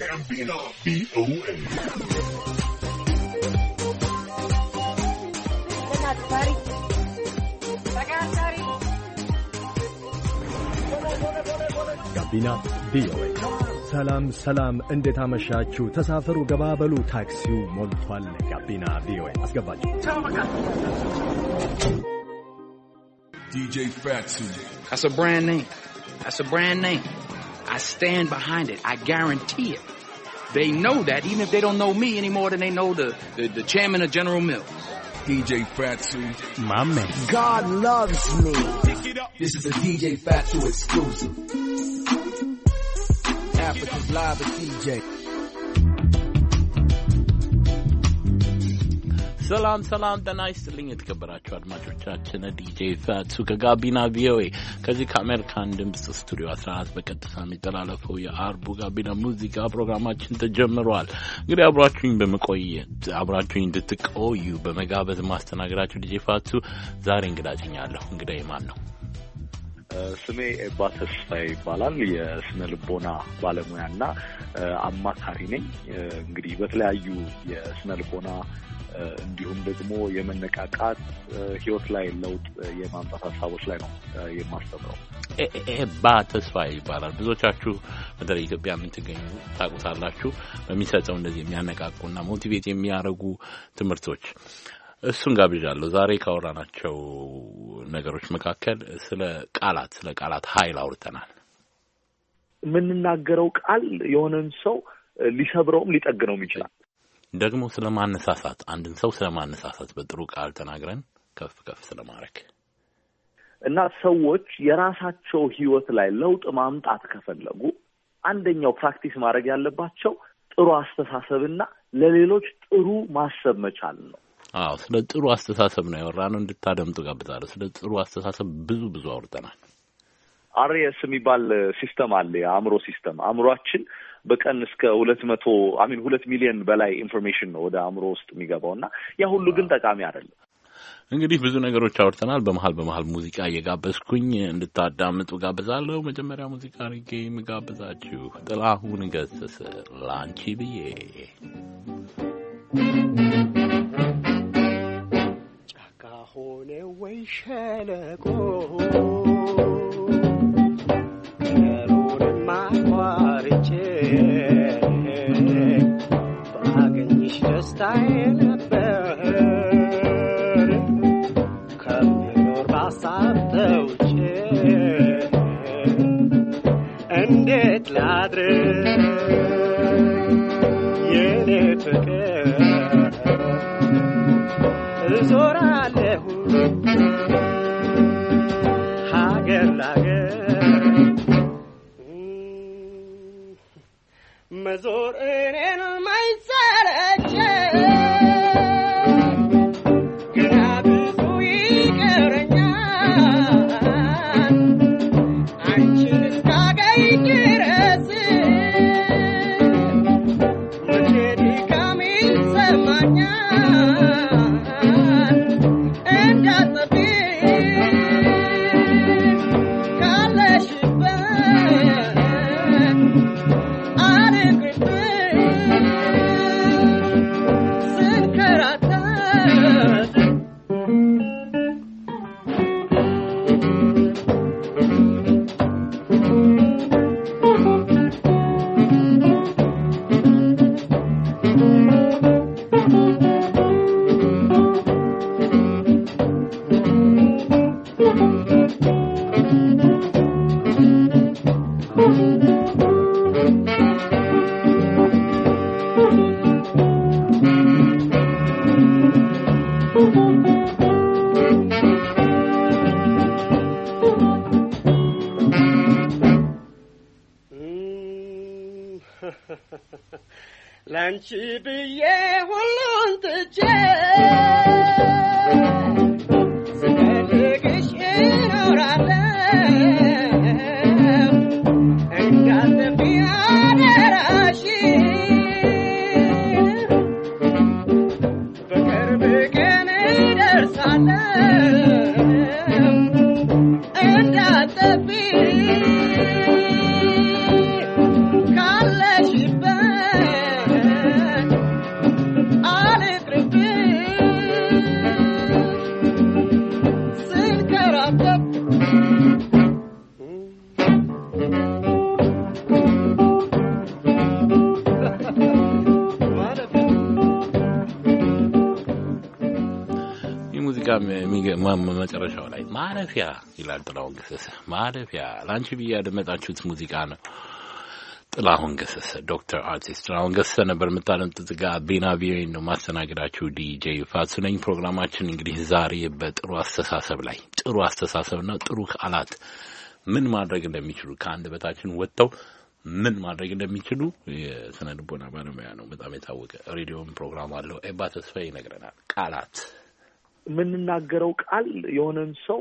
ጋቢና ቪኦኤ ጋቢና ቪኦኤ። ሰላም ሰላም፣ እንዴት አመሻችሁ? ተሳፈሩ፣ ገባበሉ፣ ታክሲው ሞልቷል። ጋቢና ቪኦኤ አስገባችሁ። That's a brand name. That's a brand name. stand behind it. I guarantee it. They know that even if they don't know me any more than they know the, the, the chairman of General Mills. DJ Fatu, my man. God loves me. This is a DJ Fatu exclusive. Africa's live with DJ. ሰላም ሰላም፣ ጤና ይስጥልኝ የተከበራችሁ አድማጮቻችን፣ ዲጄ ፈቱ ከጋቢና ቪኦኤ ከዚህ ከአሜሪካን ድምፅ ስቱዲዮ 14 በቀጥታ የሚተላለፈው የአርቡ ጋቢና ሙዚቃ ፕሮግራማችን ተጀምረዋል። እንግዲህ አብራችሁኝ በመቆየት አብራችሁኝ እንድትቆዩ በመጋበዝ ማስተናገዳችሁ ዲጄ ፈቱ ዛሬ እንግዳችኛለሁ። እንግዳ የማን ነው? ስሜ ኤባ ተስፋ ይባላል። የስነ ልቦና ባለሙያና አማካሪ ነኝ። እንግዲህ በተለያዩ የስነ ልቦና እንዲሁም ደግሞ የመነቃቃት ህይወት ላይ ለውጥ የማምጣት ሀሳቦች ላይ ነው የማስተምረው። ኤባ ተስፋ ይባላል። ብዙዎቻችሁ በተለይ ኢትዮጵያ የምትገኙ ታውቁታላችሁ። በሚሰጠው እንደዚህ የሚያነቃቁና ሞቲቬት የሚያደርጉ ትምህርቶች እሱን ጋብዣለሁ። ዛሬ ካወራናቸው ነገሮች መካከል ስለ ቃላት ስለ ቃላት ኃይል አውርተናል። የምንናገረው ቃል የሆነን ሰው ሊሰብረውም ሊጠግነውም ይችላል። ደግሞ ስለ ማነሳሳት አንድን ሰው ስለ ማነሳሳት በጥሩ ቃል ተናግረን ከፍ ከፍ ስለ ማድረግ እና ሰዎች የራሳቸው ህይወት ላይ ለውጥ ማምጣት ከፈለጉ አንደኛው ፕራክቲስ ማድረግ ያለባቸው ጥሩ አስተሳሰብና ለሌሎች ጥሩ ማሰብ መቻል ነው። አዎ ስለ ጥሩ አስተሳሰብ ነው ያወራነው። እንድታደምጡ ጋብዛለሁ። ስለ ጥሩ አስተሳሰብ ብዙ ብዙ አውርተናል። አርኤስ የሚባል ሲስተም አለ፣ የአእምሮ ሲስተም። አእምሯችን በቀን እስከ ሁለት መቶ አሚን ሁለት ሚሊዮን በላይ ኢንፎርሜሽን ነው ወደ አእምሮ ውስጥ የሚገባው እና ያ ሁሉ ግን ጠቃሚ አይደለም። እንግዲህ ብዙ ነገሮች አውርተናል። በመሀል በመሀል ሙዚቃ እየጋበዝኩኝ እንድታዳምጡ ጋብዛለሁ። መጀመሪያ ሙዚቃ አድርጌ የምጋብዛችሁ ጥላሁን ገሰሰ ላንቺ ብዬ ነው ወይ ሸለቆ ገሩንም አቋርጬ ደስታዬ ማረፊያ ይላል ጥላሁን ገሰሰ። ማረፊያ ለአንቺ ብዬ ያደመጣችሁት ሙዚቃ ነው። ጥላሁን ገሰሰ ዶክተር አርቲስት ጥላሁን ገሰሰ ነበር የምታደምጡት። ጋቢና ቪኦኤ ነው ማስተናገዳችሁ። ዲጄ ፋሱ ነኝ። ፕሮግራማችን እንግዲህ ዛሬ በጥሩ አስተሳሰብ ላይ ጥሩ አስተሳሰብና ጥሩ ቃላት ምን ማድረግ እንደሚችሉ ከአንድ በታችን ወጥተው ምን ማድረግ እንደሚችሉ የስነ ልቦና ባለሙያ ነው፣ በጣም የታወቀ ሬዲዮም ፕሮግራም አለው። ኤባ ተስፋ ይነግረናል። ቃላት የምንናገረው ቃል የሆነን ሰው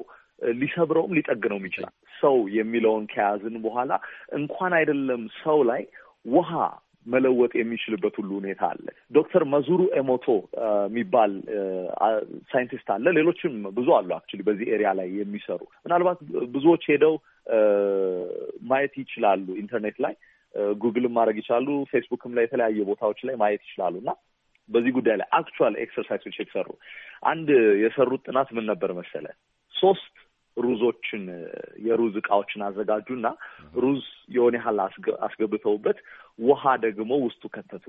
ሊሰብረውም ሊጠግነውም ይችላል። ሰው የሚለውን ከያዝን በኋላ እንኳን አይደለም ሰው ላይ ውሃ መለወጥ የሚችልበት ሁሉ ሁኔታ አለ። ዶክተር መዙሩ ኤሞቶ የሚባል ሳይንቲስት አለ። ሌሎችም ብዙ አሉ አክቹዋሊ በዚህ ኤሪያ ላይ የሚሰሩ ምናልባት ብዙዎች ሄደው ማየት ይችላሉ። ኢንተርኔት ላይ ጉግልም ማድረግ ይችላሉ። ፌስቡክም ላይ የተለያየ ቦታዎች ላይ ማየት ይችላሉ እና በዚህ ጉዳይ ላይ አክቹዋል ኤክሰርሳይሶች የተሰሩ አንድ የሰሩት ጥናት ምን ነበር መሰለ ሶስት ሩዞችን የሩዝ እቃዎችን አዘጋጁና ሩዝ የሆነ ያህል አስገብተውበት ውሃ ደግሞ ውስጡ ከተቱ።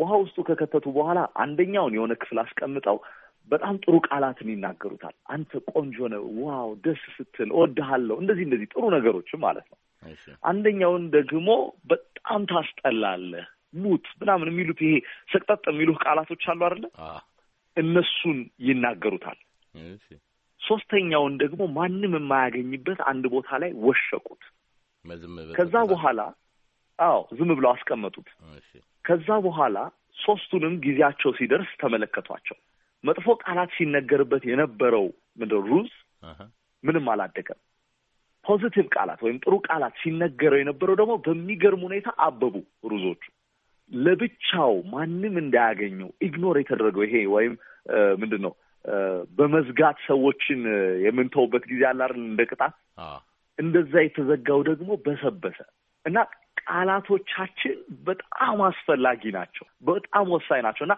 ውሃ ውስጡ ከከተቱ በኋላ አንደኛውን የሆነ ክፍል አስቀምጠው በጣም ጥሩ ቃላትን ይናገሩታል። አንተ ቆንጆ ነ፣ ዋው፣ ደስ ስትል፣ እወድሃለሁ፣ እንደዚህ እንደዚህ ጥሩ ነገሮችም ማለት ነው። አንደኛውን ደግሞ በጣም ታስጠላለህ፣ ሙት ምናምን የሚሉት ይሄ ሰቅጠጥ የሚሉህ ቃላቶች አሉ አይደለ? እነሱን ይናገሩታል። ሶስተኛውን ደግሞ ማንም የማያገኝበት አንድ ቦታ ላይ ወሸቁት። ከዛ በኋላ አዎ ዝም ብለው አስቀመጡት። ከዛ በኋላ ሶስቱንም ጊዜያቸው ሲደርስ ተመለከቷቸው። መጥፎ ቃላት ሲነገርበት የነበረው ምንድን ሩዝ ምንም አላደገም። ፖዚቲቭ ቃላት ወይም ጥሩ ቃላት ሲነገረው የነበረው ደግሞ በሚገርም ሁኔታ አበቡ ሩዞቹ። ለብቻው ማንም እንዳያገኘው ኢግኖር የተደረገው ይሄ ወይም ምንድን ነው በመዝጋት ሰዎችን የምንተውበት ጊዜ አላር እንደ ቅጣት እንደዛ የተዘጋው ደግሞ በሰበሰ እና ቃላቶቻችን በጣም አስፈላጊ ናቸው፣ በጣም ወሳኝ ናቸው እና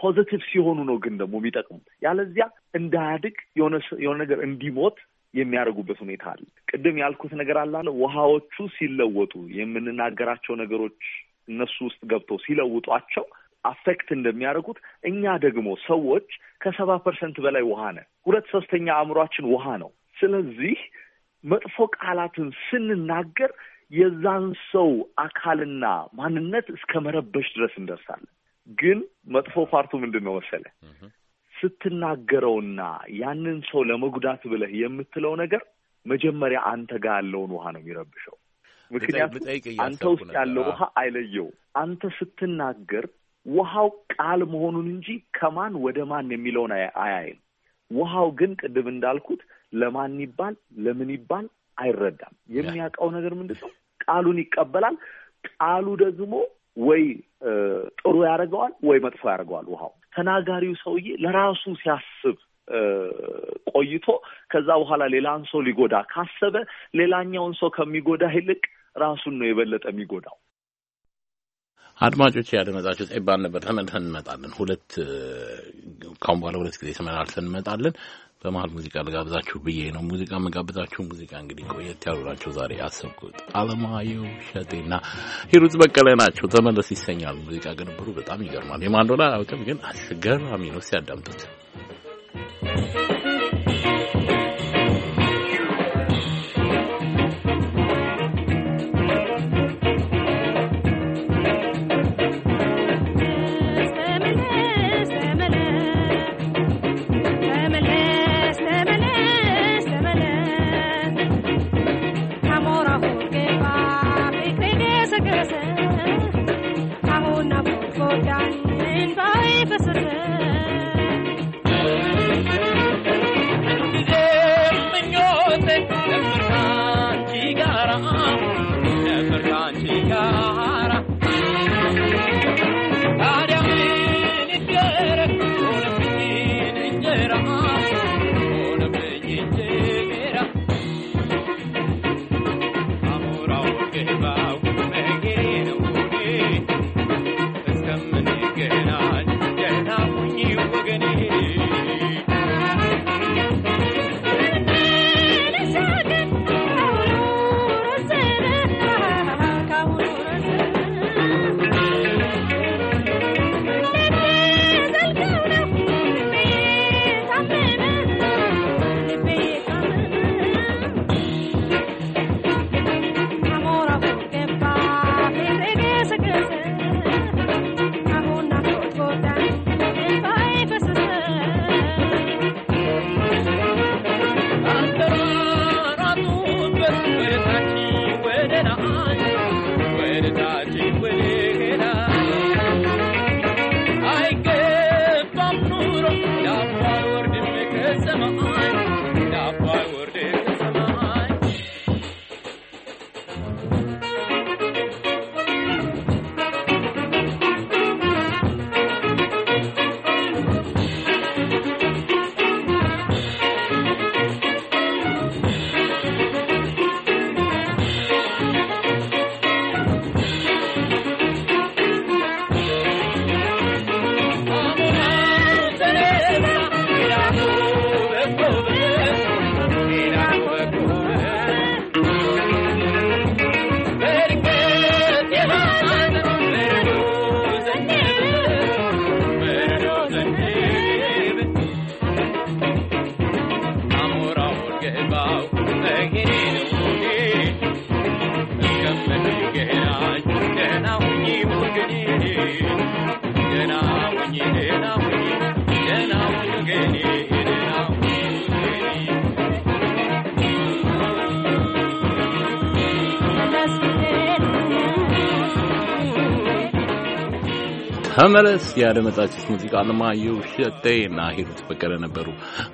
ፖዘቲቭ ሲሆኑ ነው ግን ደግሞ የሚጠቅሙት። ያለዚያ እንዳያድግ የሆነ ነገር እንዲሞት የሚያደርጉበት ሁኔታ አለ። ቅድም ያልኩት ነገር አላለ ውሃዎቹ ሲለወጡ የምንናገራቸው ነገሮች እነሱ ውስጥ ገብተው ሲለውጧቸው አፌክት እንደሚያደርጉት እኛ ደግሞ ሰዎች ከሰባ ፐርሰንት በላይ ውሃ ነን። ሁለት ሶስተኛ አእምሯችን ውሃ ነው። ስለዚህ መጥፎ ቃላትን ስንናገር የዛን ሰው አካልና ማንነት እስከ መረበሽ ድረስ እንደርሳለን። ግን መጥፎ ፓርቱ ምንድን ነው መሰለ ስትናገረውና ያንን ሰው ለመጉዳት ብለህ የምትለው ነገር መጀመሪያ አንተ ጋር ያለውን ውሃ ነው የሚረብሸው። ምክንያቱም አንተ ውስጥ ያለው ውሃ አይለየው። አንተ ስትናገር ውሃው ቃል መሆኑን እንጂ ከማን ወደ ማን የሚለውን አያይም። ውሃው ግን ቅድም እንዳልኩት ለማን ይባል ለምን ይባል አይረዳም። የሚያውቀው ነገር ምንድን ነው? ቃሉን ይቀበላል። ቃሉ ደግሞ ወይ ጥሩ ያደርገዋል ወይ መጥፎ ያደርገዋል። ውሃው ተናጋሪው ሰውዬ ለራሱ ሲያስብ ቆይቶ ከዛ በኋላ ሌላን ሰው ሊጎዳ ካሰበ ሌላኛውን ሰው ከሚጎዳ ይልቅ ራሱን ነው የበለጠ የሚጎዳው። አድማጮች ያደመጣችሁ ጤባን ነበር። ተመልሰን እንመጣለን። ሁለት ካሁን በኋላ ሁለት ጊዜ ተመላልሰን እንመጣለን። በመሀል ሙዚቃ ልጋብዛችሁ ብዬ ነው ሙዚቃ መጋብዛችሁ። ሙዚቃ እንግዲህ ቆየት ያሉ ናቸው። ዛሬ ያሰብኩት አለማየሁ እሸቴና ሂሩት በቀለ ናቸው። ተመለስ ይሰኛል። ሙዚቃ ቅንብሩ በጣም ይገርማል። የማንዶላ አውቅም ግን አስገራሚ ነው። ሲያዳምጡት ተመለስ ያደመጣችሁት ሙዚቃ አለማየሁ ሸጤ እና ሂሩት በቀለ ነበሩ።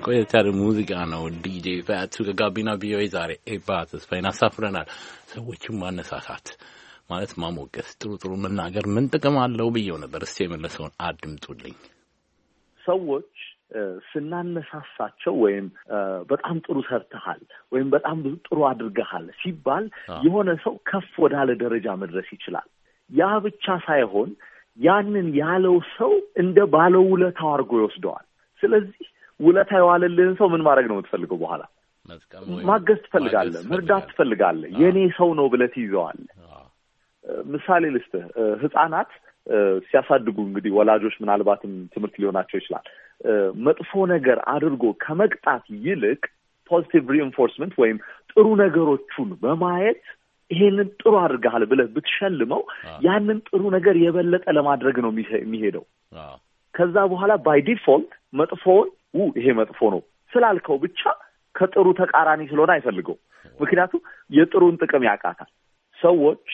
ቆየት ያለ ሙዚቃ ነው። ዲጄ ፋያቱ ከጋቢና ቪኦኤ ዛሬ ኤባ ተስፋዬን አሳፍረናል። ሰዎችን ማነሳሳት ማለት ማሞገስ፣ ጥሩ ጥሩ መናገር ምን ጥቅም አለው ብየው ነበር። እስቲ የመለሰውን አድምጡልኝ። ሰዎች ስናነሳሳቸው ወይም በጣም ጥሩ ሰርተሃል ወይም በጣም ብዙ ጥሩ አድርገሃል ሲባል የሆነ ሰው ከፍ ወዳለ ደረጃ መድረስ ይችላል። ያ ብቻ ሳይሆን ያንን ያለው ሰው እንደ ውለታ አድርጎ ይወስደዋል። ስለዚህ ውለታ የዋለልህን ሰው ምን ማድረግ ነው የምትፈልገው? በኋላ ማገዝ ትፈልጋለህ፣ መርዳት ትፈልጋለህ፣ የእኔ ሰው ነው ብለህ ትይዘዋለህ። ምሳሌ ልስጥህ። ህጻናት ሲያሳድጉ እንግዲህ ወላጆች ምናልባትም ትምህርት ሊሆናቸው ይችላል። መጥፎ ነገር አድርጎ ከመቅጣት ይልቅ ፖዚቲቭ ሪኢንፎርስመንት ወይም ጥሩ ነገሮቹን በማየት ይሄንን ጥሩ አድርገሃል ብለህ ብትሸልመው ያንን ጥሩ ነገር የበለጠ ለማድረግ ነው የሚሄደው። ከዛ በኋላ ባይ ዲፎልት መጥፎውን ው ይሄ መጥፎ ነው ስላልከው ብቻ ከጥሩ ተቃራኒ ስለሆነ አይፈልገው። ምክንያቱም የጥሩን ጥቅም ያቃታል። ሰዎች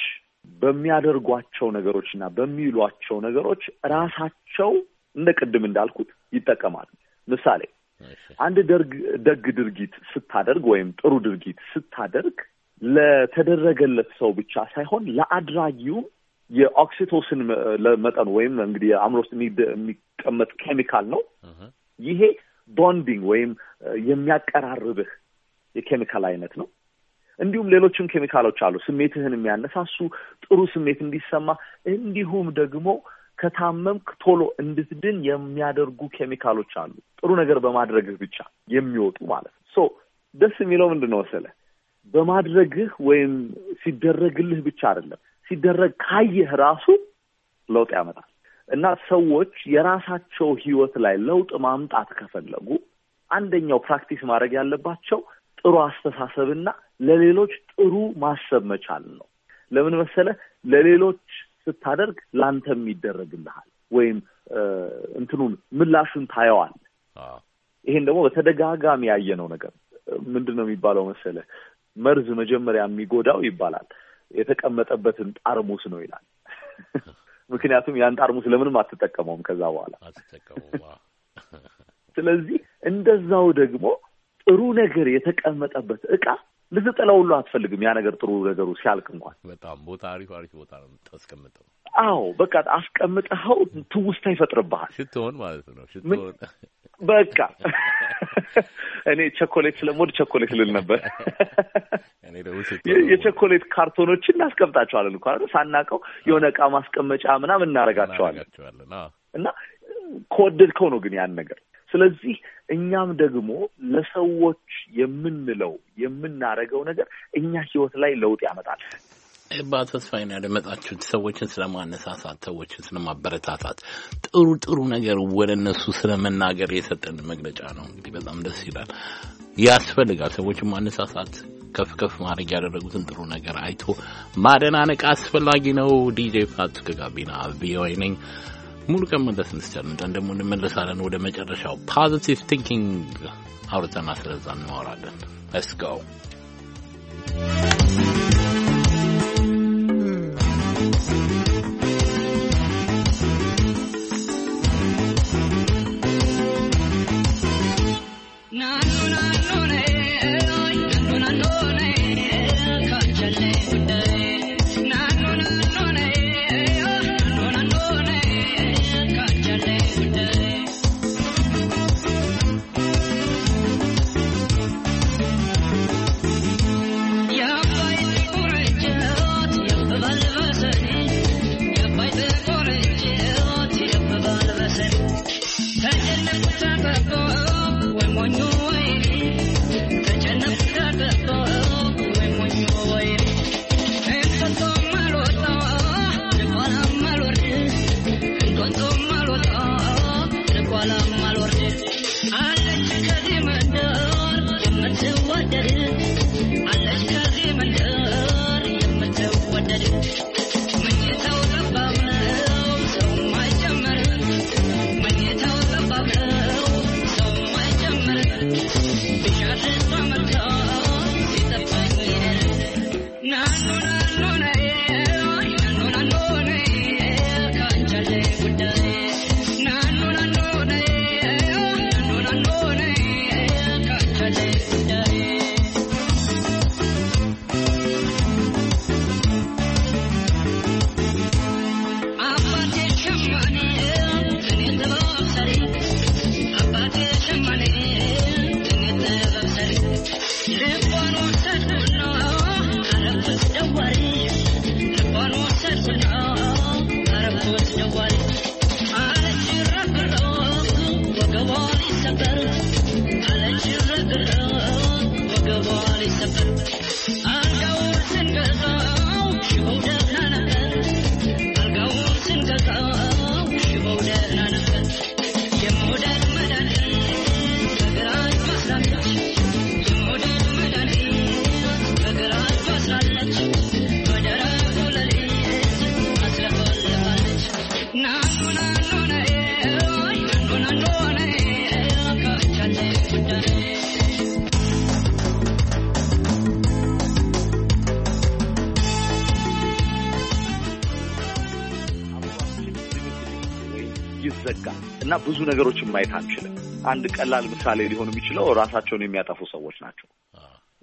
በሚያደርጓቸው ነገሮችና በሚሏቸው ነገሮች ራሳቸው እንደ ቅድም እንዳልኩት ይጠቀማሉ። ምሳሌ አንድ ደግ ድርጊት ስታደርግ ወይም ጥሩ ድርጊት ስታደርግ ለተደረገለት ሰው ብቻ ሳይሆን ለአድራጊው የኦክሲቶሲን መጠን ወይም እንግዲህ የአእምሮ ውስጥ የሚቀመጥ ኬሚካል ነው። ይሄ ቦንዲንግ ወይም የሚያቀራርብህ የኬሚካል አይነት ነው። እንዲሁም ሌሎችም ኬሚካሎች አሉ፣ ስሜትህን የሚያነሳሱ ጥሩ ስሜት እንዲሰማ እንዲሁም ደግሞ ከታመምክ ቶሎ እንድትድን የሚያደርጉ ኬሚካሎች አሉ። ጥሩ ነገር በማድረግህ ብቻ የሚወጡ ማለት ነው። ሶ ደስ የሚለው ምንድን ነው መሰለህ በማድረግህ ወይም ሲደረግልህ ብቻ አይደለም፣ ሲደረግ ካየህ ራሱ ለውጥ ያመጣል እና ሰዎች የራሳቸው ህይወት ላይ ለውጥ ማምጣት ከፈለጉ አንደኛው ፕራክቲስ ማድረግ ያለባቸው ጥሩ አስተሳሰብና ለሌሎች ጥሩ ማሰብ መቻል ነው። ለምን መሰለህ? ለሌሎች ስታደርግ ለአንተም ይደረግልሃል ወይም እንትኑን ምላሹን ታየዋል። ይሄን ደግሞ በተደጋጋሚ ያየነው ነገር ምንድን ነው የሚባለው መሰለህ? መርዝ መጀመሪያ የሚጎዳው ይባላል የተቀመጠበትን ጠርሙስ ነው ይላል። ምክንያቱም ያን ጠርሙስ ለምንም አትጠቀመውም ከዛ በኋላ። ስለዚህ እንደዛው ደግሞ ጥሩ ነገር የተቀመጠበት እቃ ልትጥለው ሁሉ አትፈልግም። ያ ነገር ጥሩ ነገሩ ሲያልቅ እንኳን በጣም ቦታ አሪፍ አሪፍ ቦታ ነው የምታስቀምጠው። አዎ በቃ አስቀምጠኸው ትውስታ ይፈጥርብሃል። ሽትሆን ማለት ነው ሽትሆን በቃ እኔ ቸኮሌት ስለምወድ ቸኮሌት ልል ነበር። የቸኮሌት ካርቶኖችን እናስቀምጣቸዋለን እንኳ ሳናቀው የሆነ እቃ ማስቀመጫ ምናምን እናደርጋቸዋለን እና ከወደድከው ነው ግን ያን ነገር። ስለዚህ እኛም ደግሞ ለሰዎች የምንለው የምናደርገው ነገር እኛ ህይወት ላይ ለውጥ ያመጣል። በተስፋዬን ያደመጣችሁት ሰዎችን ስለማነሳሳት ሰዎችን ስለማበረታታት ጥሩ ጥሩ ነገር ወደ እነሱ ስለመናገር የሰጠን መግለጫ ነው። እንግዲህ በጣም ደስ ይላል። ያስፈልጋል ሰዎችን ማነሳሳት ከፍ ከፍ ማድረግ ያደረጉትን ጥሩ ነገር አይቶ ማደናነቅ አስፈላጊ ነው። ዲጄ ፋቱ ከጋቢና ቪኦኤ ነኝ። ሙሉ ቀን መለስ እንስቻለን ደግሞ እንመለሳለን። ወደ መጨረሻው ፖዚቲቭ ቲንኪንግ አውርተና ስለዛ እናወራለን። እስጋው Thank you. Thank you. ብዙ ነገሮችን ማየት አንችልም። አንድ ቀላል ምሳሌ ሊሆን የሚችለው ራሳቸውን የሚያጠፉ ሰዎች ናቸው።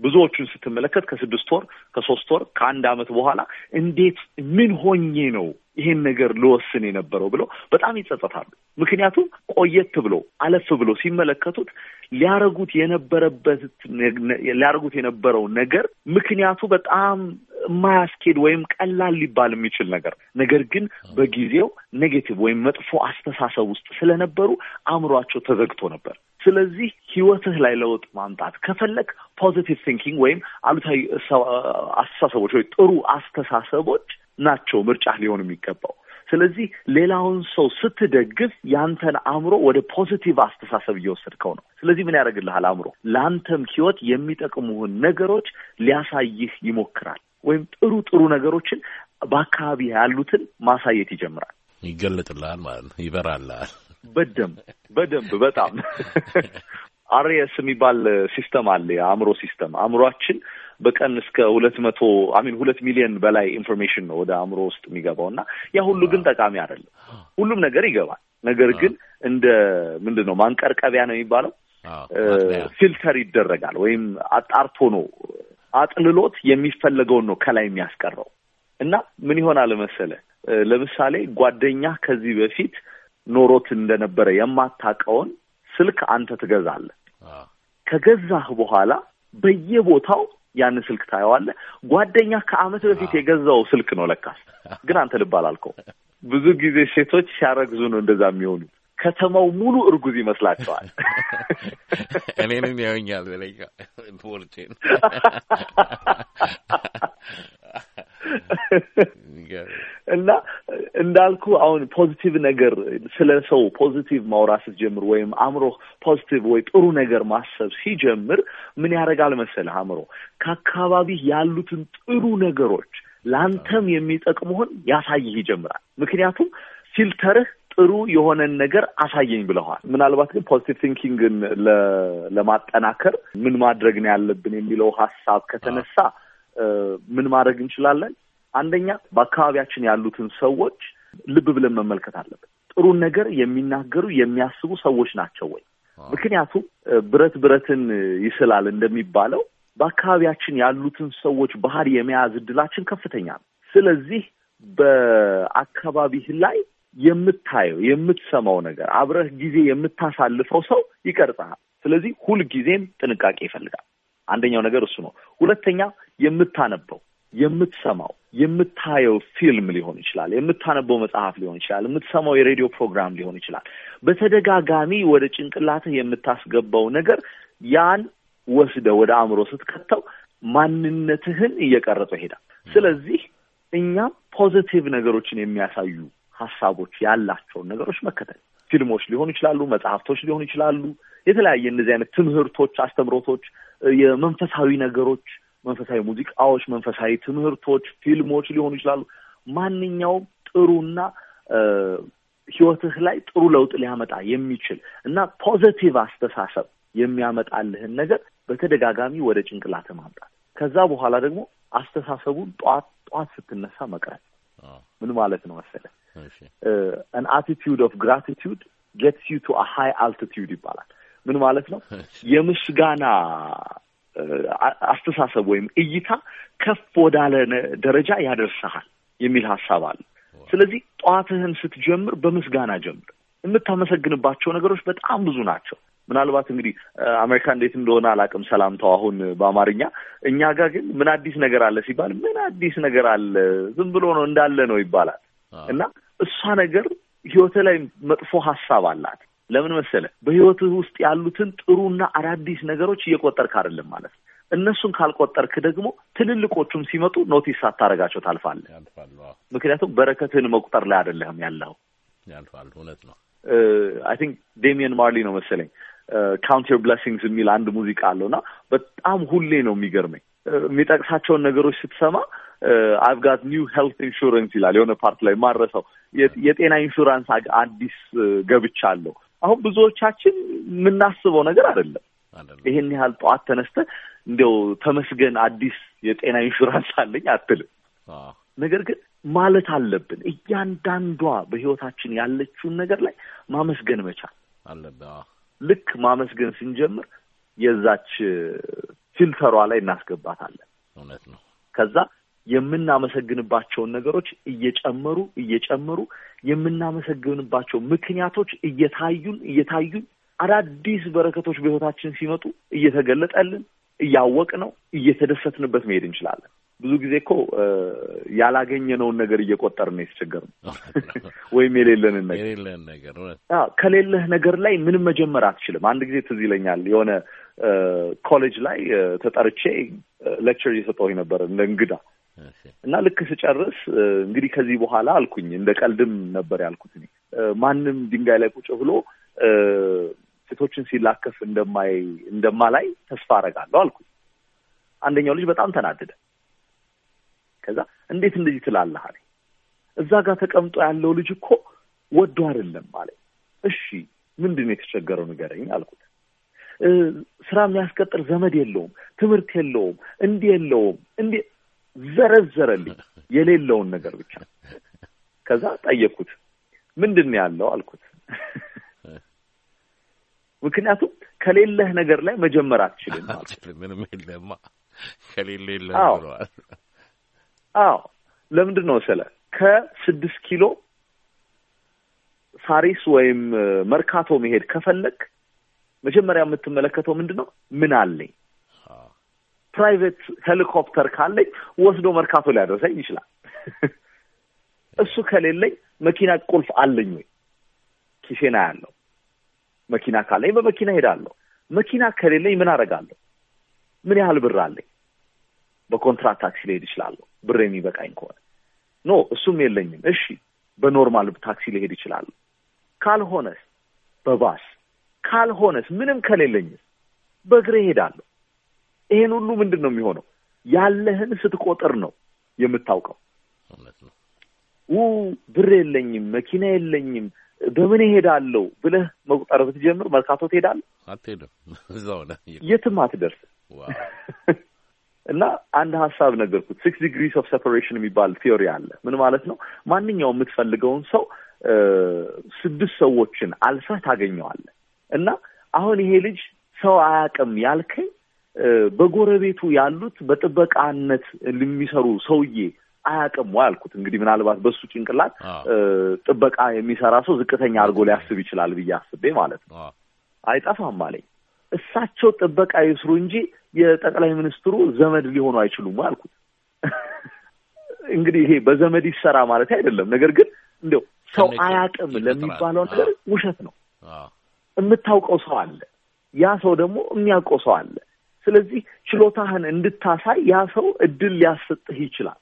ብዙዎቹን ስትመለከት ከስድስት ወር ከሶስት ወር ከአንድ አመት በኋላ እንዴት ምን ሆኜ ነው ይሄን ነገር ልወስን የነበረው ብለው በጣም ይጸጸታሉ። ምክንያቱም ቆየት ብሎ አለፍ ብሎ ሲመለከቱት ሊያረጉት የነበረበት ሊያረጉት የነበረው ነገር ምክንያቱ በጣም የማያስኬድ ወይም ቀላል ሊባል የሚችል ነገር ነገር ግን በጊዜው ኔጌቲቭ ወይም መጥፎ አስተሳሰብ ውስጥ ስለነበሩ አእምሯቸው ተዘግቶ ነበር። ስለዚህ ህይወትህ ላይ ለውጥ ማምጣት ከፈለግ ፖዚቲቭ ቲንኪንግ ወይም አሉታዊ አስተሳሰቦች ወይ ጥሩ አስተሳሰቦች ናቸው ምርጫ ሊሆን የሚገባው። ስለዚህ ሌላውን ሰው ስትደግፍ ያንተን አእምሮ ወደ ፖዚቲቭ አስተሳሰብ እየወሰድከው ነው። ስለዚህ ምን ያደርግልሃል? አእምሮ ለአንተም ህይወት የሚጠቅሙህን ነገሮች ሊያሳይህ ይሞክራል። ወይም ጥሩ ጥሩ ነገሮችን በአካባቢ ያሉትን ማሳየት ይጀምራል። ይገለጥልሃል ማለት ነው። ይበራልሃል። በደንብ በደንብ በጣም አርኤስ የሚባል ሲስተም አለ። የአእምሮ ሲስተም አእምሯችን በቀን እስከ ሁለት መቶ አሚን ሁለት ሚሊዮን በላይ ኢንፎርሜሽን ነው ወደ አእምሮ ውስጥ የሚገባው እና ያ ሁሉ ግን ጠቃሚ አይደለም። ሁሉም ነገር ይገባል። ነገር ግን እንደ ምንድን ነው ማንቀርቀቢያ ነው የሚባለው ፊልተር ይደረጋል ወይም አጣርቶ ነው አጥልሎት የሚፈለገውን ነው ከላይ የሚያስቀረው እና ምን ይሆናል ለመሰለ ለምሳሌ ጓደኛ ከዚህ በፊት ኖሮት እንደነበረ የማታውቀውን ስልክ አንተ ትገዛለህ። ከገዛህ በኋላ በየቦታው ያንን ስልክ ታየዋለህ። ጓደኛ ከአመት በፊት የገዛው ስልክ ነው ለካስ፣ ግን አንተ ልብ አላልከው። ብዙ ጊዜ ሴቶች ሲያረግዙ ነው እንደዛ የሚሆኑት። ከተማው ሙሉ እርጉዝ ይመስላቸዋል። እኔንም ያውኛል በላይ ቦልቴን እና እንዳልኩ አሁን ፖዚቲቭ ነገር ስለ ሰው ፖዚቲቭ ማውራት ስትጀምር ወይም አእምሮ ፖዚቲቭ ወይ ጥሩ ነገር ማሰብ ሲጀምር ምን ያደርጋል መሰለህ አእምሮ ከአካባቢ ያሉትን ጥሩ ነገሮች ለአንተም የሚጠቅሙህን ያሳይህ ይጀምራል። ምክንያቱም ፊልተርህ ጥሩ የሆነን ነገር አሳየኝ ብለዋል። ምናልባት ግን ፖዚቲቭ ቲንኪንግን ለማጠናከር ምን ማድረግ ነው ያለብን የሚለው ሀሳብ ከተነሳ ምን ማድረግ እንችላለን? አንደኛ በአካባቢያችን ያሉትን ሰዎች ልብ ብለን መመልከት አለብን። ጥሩን ነገር የሚናገሩ የሚያስቡ ሰዎች ናቸው ወይ? ምክንያቱም ብረት ብረትን ይስላል እንደሚባለው በአካባቢያችን ያሉትን ሰዎች ባህሪ የመያዝ እድላችን ከፍተኛ ነው። ስለዚህ በአካባቢህ ላይ የምታየው የምትሰማው ነገር አብረህ ጊዜ የምታሳልፈው ሰው ይቀርጸሃል። ስለዚህ ሁልጊዜም ጥንቃቄ ይፈልጋል። አንደኛው ነገር እሱ ነው። ሁለተኛ የምታነበው የምትሰማው የምታየው ፊልም ሊሆን ይችላል፣ የምታነበው መጽሐፍ ሊሆን ይችላል፣ የምትሰማው የሬዲዮ ፕሮግራም ሊሆን ይችላል። በተደጋጋሚ ወደ ጭንቅላትህ የምታስገባው ነገር ያን ወስደ ወደ አእምሮ ስትከተው ማንነትህን እየቀረጸው ይሄዳል። ስለዚህ እኛም ፖዘቲቭ ነገሮችን የሚያሳዩ ሀሳቦች ያላቸውን ነገሮች መከተል ፊልሞች ሊሆኑ ይችላሉ፣ መጽሐፍቶች ሊሆኑ ይችላሉ፣ የተለያየ እነዚህ አይነት ትምህርቶች፣ አስተምሮቶች የመንፈሳዊ ነገሮች፣ መንፈሳዊ ሙዚቃዎች፣ መንፈሳዊ ትምህርቶች፣ ፊልሞች ሊሆኑ ይችላሉ። ማንኛውም ጥሩና ህይወትህ ላይ ጥሩ ለውጥ ሊያመጣ የሚችል እና ፖዘቲቭ አስተሳሰብ የሚያመጣልህን ነገር በተደጋጋሚ ወደ ጭንቅላት ማምጣት። ከዛ በኋላ ደግሞ አስተሳሰቡን ጠዋት ጠዋት ስትነሳ መቅረት ምን ማለት ነው መሰለህ? አን አቲቲዩድ ኦፍ ግራቲቲዩድ ጌትስ ዩ ቱ አ ሃይ አልቲቲዩድ ይባላል። ምን ማለት ነው? የምስጋና አስተሳሰብ ወይም እይታ ከፍ ወዳለ ደረጃ ያደርስሃል የሚል ሀሳብ አለ። ስለዚህ ጠዋትህን ስትጀምር በምስጋና ጀምር። የምታመሰግንባቸው ነገሮች በጣም ብዙ ናቸው። ምናልባት እንግዲህ አሜሪካ እንዴት እንደሆነ አላውቅም፣ ሰላምታው አሁን በአማርኛ። እኛ ጋር ግን ምን አዲስ ነገር አለ ሲባል ምን አዲስ ነገር አለ ዝም ብሎ ነው እንዳለ ነው ይባላል። እና እሷ ነገር ህይወት ላይ መጥፎ ሀሳብ አላት ለምን መሰለ በህይወትህ ውስጥ ያሉትን ጥሩና አዳዲስ ነገሮች እየቆጠርክ አይደለም ማለት ነው። እነሱን ካልቆጠርክ ደግሞ ትልልቆቹም ሲመጡ ኖቲስ ሳታደርጋቸው ታልፋለህ። ምክንያቱም በረከትህን መቁጠር ላይ አይደለህም ያለኸው። እውነት ነው። አይ ቲንክ ዴሚየን ማርሊ ነው መሰለኝ ካውንት ዮር ብለሲንግስ የሚል አንድ ሙዚቃ አለው እና በጣም ሁሌ ነው የሚገርመኝ የሚጠቅሳቸውን ነገሮች ስትሰማ አይቭ ጋት ኒው ሄልት ኢንሹራንስ ይላል የሆነ ፓርት ላይ ማረሰው የጤና ኢንሹራንስ አዲስ ገብቻ አለው። አሁን ብዙዎቻችን የምናስበው ነገር አይደለም። ይህን ያህል ጠዋት ተነስተ እንዲያው ተመስገን አዲስ የጤና ኢንሹራንስ አለኝ አትልም። ነገር ግን ማለት አለብን። እያንዳንዷ በህይወታችን ያለችውን ነገር ላይ ማመስገን መቻል አለብን። ልክ ማመስገን ስንጀምር የዛች ፊልተሯ ላይ እናስገባታለን። እውነት ነው። ከዛ የምናመሰግንባቸውን ነገሮች እየጨመሩ እየጨመሩ የምናመሰግንባቸው ምክንያቶች እየታዩን እየታዩን አዳዲስ በረከቶች በህይወታችን ሲመጡ እየተገለጠልን እያወቅ ነው እየተደሰትንበት መሄድ እንችላለን። ብዙ ጊዜ እኮ ያላገኘነውን ነገር እየቆጠር ነው ነው ወይም የሌለንን ነገር ከሌለህ ነገር ላይ ምንም መጀመር አትችልም። አንድ ጊዜ ትዝ ይለኛል የሆነ ኮሌጅ ላይ ተጠርቼ ሌክቸር እየሰጠሁኝ ነበር እንደ እንግዳ እና ልክ ስጨርስ እንግዲህ ከዚህ በኋላ አልኩኝ እንደ ቀልድም ነበር ያልኩት እኔ ማንም ድንጋይ ላይ ቁጭ ብሎ ሴቶችን ሲላከፍ እንደማይ እንደማላይ ተስፋ አረጋለሁ አልኩኝ። አንደኛው ልጅ በጣም ተናደደ። ከዛ እንዴት እንደዚህ ትላለህ አለኝ። እዛ ጋር ተቀምጦ ያለው ልጅ እኮ ወዶ አይደለም አለኝ። እሺ ምንድን ነው የተቸገረው ንገረኝ አልኩት። ስራ የሚያስቀጥር ዘመድ የለውም፣ ትምህርት የለውም፣ እንዲህ የለውም፣ እንዲህ ዘረዘረልኝ የሌለውን ነገር ብቻ። ከዛ ጠየቅኩት ምንድን ነው ያለው አልኩት። ምክንያቱም ከሌለህ ነገር ላይ መጀመር አትችልም። ምንም የለማ ከሌለ የለ ብለዋል። አዎ ለምንድን ነው ስለ ከስድስት ኪሎ ሳሪስ ወይም መርካቶ መሄድ ከፈለግ መጀመሪያ የምትመለከተው ምንድን ነው? ምን አለኝ ፕራይቬት ሄሊኮፕተር ካለኝ ወስዶ መርካቶ ሊያደርሰኝ ይችላል። እሱ ከሌለኝ መኪና ቁልፍ አለኝ ወይ? ኪሴና ያለው መኪና ካለኝ በመኪና ሄዳለሁ። መኪና ከሌለኝ ምን አደርጋለሁ? ምን ያህል ብር አለኝ? በኮንትራት ታክሲ ልሄድ እችላለሁ፣ ብር የሚበቃኝ ከሆነ ኖ፣ እሱም የለኝም። እሺ፣ በኖርማል ታክሲ ልሄድ እችላለሁ። ካልሆነስ በባስ ካልሆነስ ምንም ከሌለኝስ በእግሬ እሄዳለሁ ይሄን ሁሉ ምንድን ነው የሚሆነው? ያለህን ስትቆጥር ነው የምታውቀው። ው ብር የለኝም፣ መኪና የለኝም፣ በምን እሄዳለሁ ብለህ መቁጠር ብትጀምር መርካቶ ትሄዳለህ? የትም አትደርስ። እና አንድ ሀሳብ ነገርኩት። ሲክስ ዲግሪስ ኦፍ ሴፐሬሽን የሚባል ቲዮሪ አለ። ምን ማለት ነው? ማንኛውም የምትፈልገውን ሰው ስድስት ሰዎችን አልሳ ታገኘዋለህ። እና አሁን ይሄ ልጅ ሰው አያውቅም ያልከኝ በጎረቤቱ ያሉት በጥበቃነት የሚሰሩ ሰውዬ አያውቅም ወይ አልኩት። እንግዲህ ምናልባት በሱ ጭንቅላት ጥበቃ የሚሰራ ሰው ዝቅተኛ አድርጎ ሊያስብ ይችላል ብዬ አስቤ ማለት ነው። አይጠፋም አለኝ። እሳቸው ጥበቃ ይስሩ እንጂ የጠቅላይ ሚኒስትሩ ዘመድ ሊሆኑ አይችሉም ወይ አልኩት። እንግዲህ ይሄ በዘመድ ይሰራ ማለት አይደለም፣ ነገር ግን እንዲያው ሰው አያቅም ለሚባለው ነገር ውሸት ነው። የምታውቀው ሰው አለ፣ ያ ሰው ደግሞ የሚያውቀው ሰው አለ። ስለዚህ ችሎታህን እንድታሳይ ያ ሰው እድል ሊያሰጥህ ይችላል።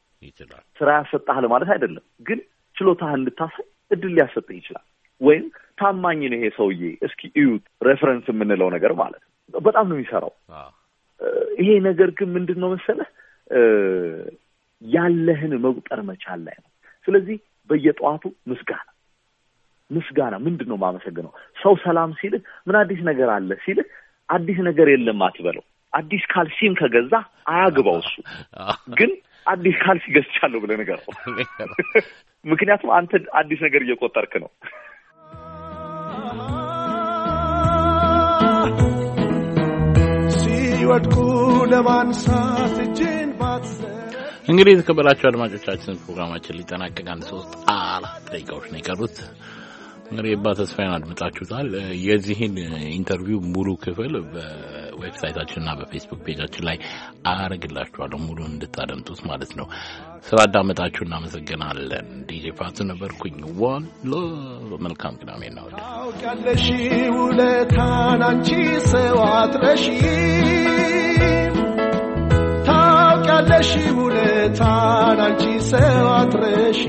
ስራ ያሰጣህል ማለት አይደለም፣ ግን ችሎታህን እንድታሳይ እድል ሊያሰጥህ ይችላል። ወይም ታማኝ ነው ይሄ ሰውዬ እስኪ እዩት፣ ሬፈረንስ የምንለው ነገር ማለት ነው። በጣም ነው የሚሰራው ይሄ ነገር። ግን ምንድን ነው መሰለህ ያለህን መቁጠር መቻል ላይ ነው። ስለዚህ በየጠዋቱ ምስጋና ምስጋና ምንድን ነው ማመሰግነው። ሰው ሰላም ሲልህ ምን አዲስ ነገር አለ ሲልህ አዲስ ነገር የለም አትበለው። አዲስ ካልሲም ከገዛ አያግባው እሱ ግን አዲስ ካልሲ ገዝቻለሁ ብለህ ነገር ምክንያቱም አንተ አዲስ ነገር እየቆጠርክ ነው። ሲወድቁ ለማንሳት እጄን እንግዲህ የተከበራችሁ አድማጮቻችን ፕሮግራማችን ሊጠናቀቅ አንድ ሶስት አራት ደቂቃዎች ነው የቀሩት። እንግዲህ የባ ተስፋዬን አድምጣችሁታል። የዚህን ኢንተርቪው ሙሉ ክፍል በዌብሳይታችንና በፌስቡክ ፔጃችን ላይ አረግላችኋለሁ ሙሉ እንድታደምጡት ማለት ነው። ስላዳመጣችሁ እናመሰግናለን። ዲጄ ፋቱ ነበርኩኝ። ዋን ሎቭ መልካም ቅዳሜ እናወድ ያለሽ ውለታናቺ ሰዋትለሽ ታውቂያለሽ ውለታናቺ ሰዋትረሽ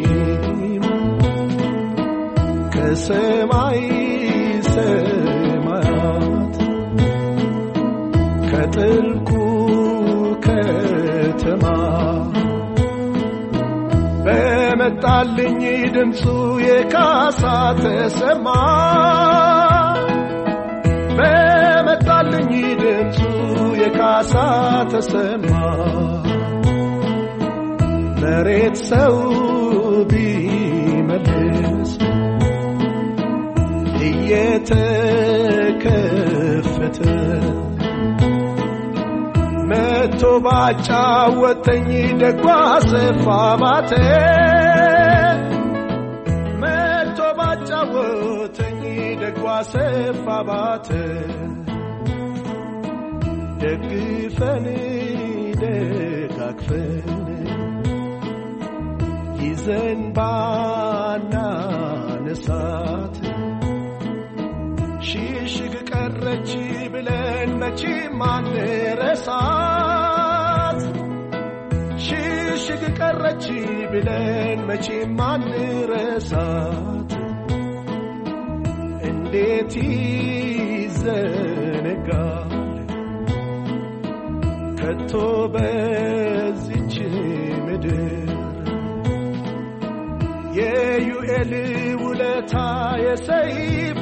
ከሰማይ ከጥልቁ ከተማ በመጣልኝ ድምፁ የካሳ ተሰማ በመጣልኝ ድምፁ የካሳ ተሰማ መሬት ሰው ቢመልስ እየተከፈተ አብዝቶ ባጫወተኝ ደጓ ሰፋ ማቴ መቶ ባጫወተኝ ደጓ ሰፋ ባቴ ደግፈን ደጋግፈን ይዘን ባና ነሳት ሽሽግ ቀረች ብለ መች ማን ረሳት! ሽሽግ ቀረች ብለን ማን ረሳት! እንዴት ይዘነጋል ከቶ በዚች ምድር የዩኤል ውለታ የሰይብ